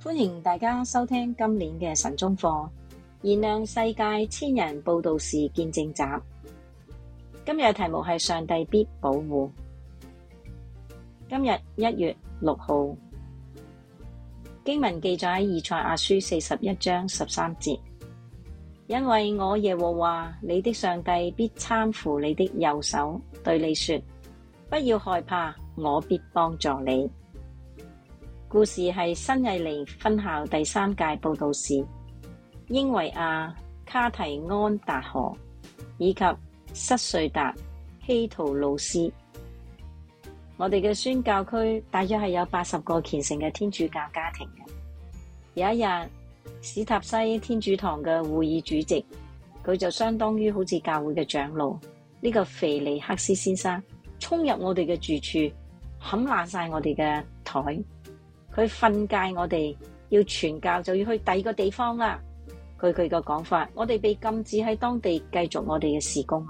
歡迎大家收聽今年嘅晨鐘課，燃亮世界千人佈道士見證集。今日題目係上帝必保護。今日一月六號經文記載喺以賽亞書四十一章十三節，因為我耶和華你的上帝必攙扶你的右手，對你說：不要害怕，我必幫助你。故事係新義利分校第三屆佈道士英維亞卡提安達河以及塞瑞達希圖路斯。我哋嘅宣教區大約係有八十個虔誠嘅天主教家庭嘅。有一日，史塔西天主堂嘅會議主席，佢就相當於好似教會嘅長老呢，這個肥尼克斯先生，衝入我哋嘅住處，冚爛晒我哋嘅台。佢訓誡我哋要傳教，就要去第二個地方啦。據佢嘅講法，我哋被禁止喺當地繼續我哋嘅事工。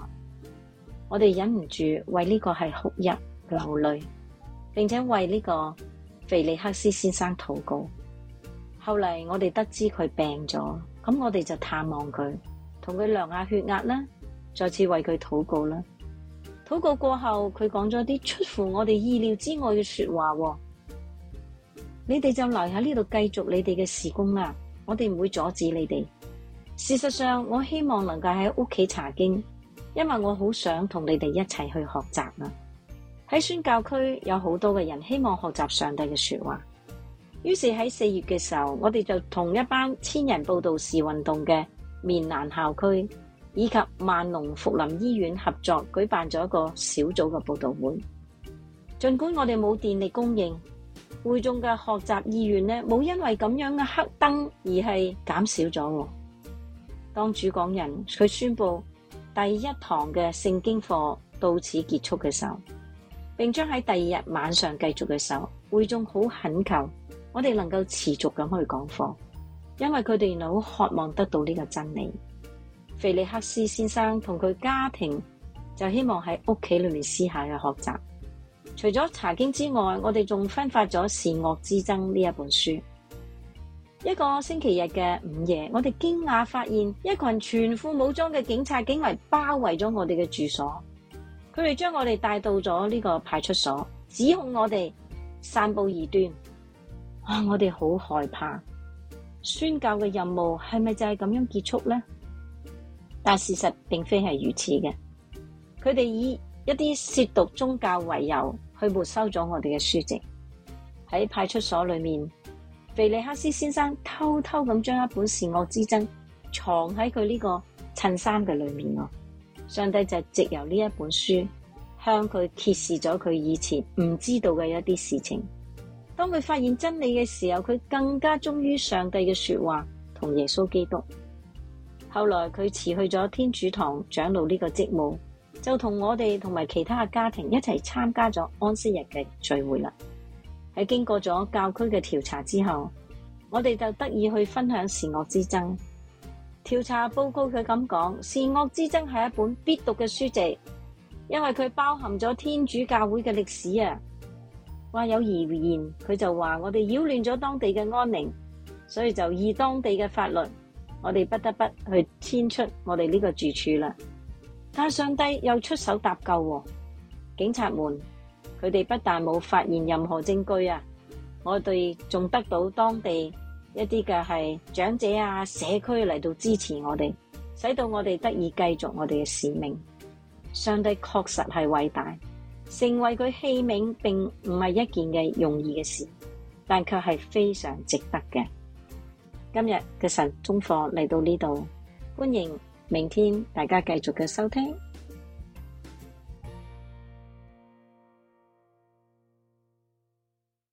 我哋忍唔住為呢個係哭泣流淚，並且為呢個菲利克斯先生禱告。後嚟我哋得知佢病咗，咁我哋就探望佢，同佢量下血壓啦，再次為佢禱告啦。禱告過後，佢講咗啲出乎我哋意料之外嘅說話。你哋就留喺呢度繼續你哋嘅事工啦，我哋唔會阻止你哋。事實上，我希望能夠喺屋企查經，因為我好想同你哋一齊去學習啊！喺宣教區有好多嘅人希望學習上帝嘅說話，於是喺四月嘅時候，我哋就同一班千人佈道士運動嘅棉蘭校區以及萬隆福林醫院合作舉辦咗一個小組嘅佈道會。盡管我哋冇電力供應。會眾嘅學習意願呢，冇因為咁樣嘅黑燈而係減少咗。當主講人佢宣布第一堂嘅聖經課到此結束嘅時候，並將喺第二日晚上繼續嘅時候，會眾好懇求我哋能夠持續咁去講課，因為佢哋原來好渴望得到呢個真理。菲利克斯先生同佢家庭就希望喺屋企裏面私下去學習。除咗《查經》之外，我哋仲分發咗《善惡之爭》呢一本書。一個星期日嘅午夜，我哋驚訝發現一群全副武裝嘅警察警衛包圍咗我哋嘅住所。佢哋將我哋帶到咗呢個派出所，指控我哋散布異端。哇、啊！我哋好害怕。宣教嘅任務係咪就係咁樣結束呢？但事實並非係如此嘅。佢哋以一啲褻瀆宗教為由。佢沒收咗我哋嘅書籍，喺派出所裏面，腓利克斯先生偷偷咁將一本《善惡之爭》藏喺佢呢個襯衫嘅裏面哦。上帝就藉由呢一本書，向佢揭示咗佢以前唔知道嘅一啲事情。當佢發現真理嘅時候，佢更加忠於上帝嘅說話同耶穌基督。後來佢辭去咗天主堂長老呢個職務。就同我哋同埋其他嘅家庭一齊參加咗安息日嘅聚會啦。喺經過咗教區嘅調查之後，我哋就得以去分享《善惡之爭》調查報告。佢咁講，《善惡之爭》係一本必讀嘅書籍，因為佢包含咗天主教會嘅歷史啊！話有而言佢就話我哋擾亂咗當地嘅安寧，所以就以當地嘅法律，我哋不得不去遷出我哋呢個住處啦。但上帝又出手搭救喎，啊！警察們佢哋不但冇發現任何證據啊，我哋仲得到當地一啲嘅係長者啊、社區嚟到支持我哋，使到我哋得以繼續我哋嘅使命。上帝確實係偉大，成為佢器皿並唔係一件嘅容易嘅事，但卻係非常值得嘅。今日嘅晨鐘課嚟到呢度，歡迎。明天大家繼續嘅收聽。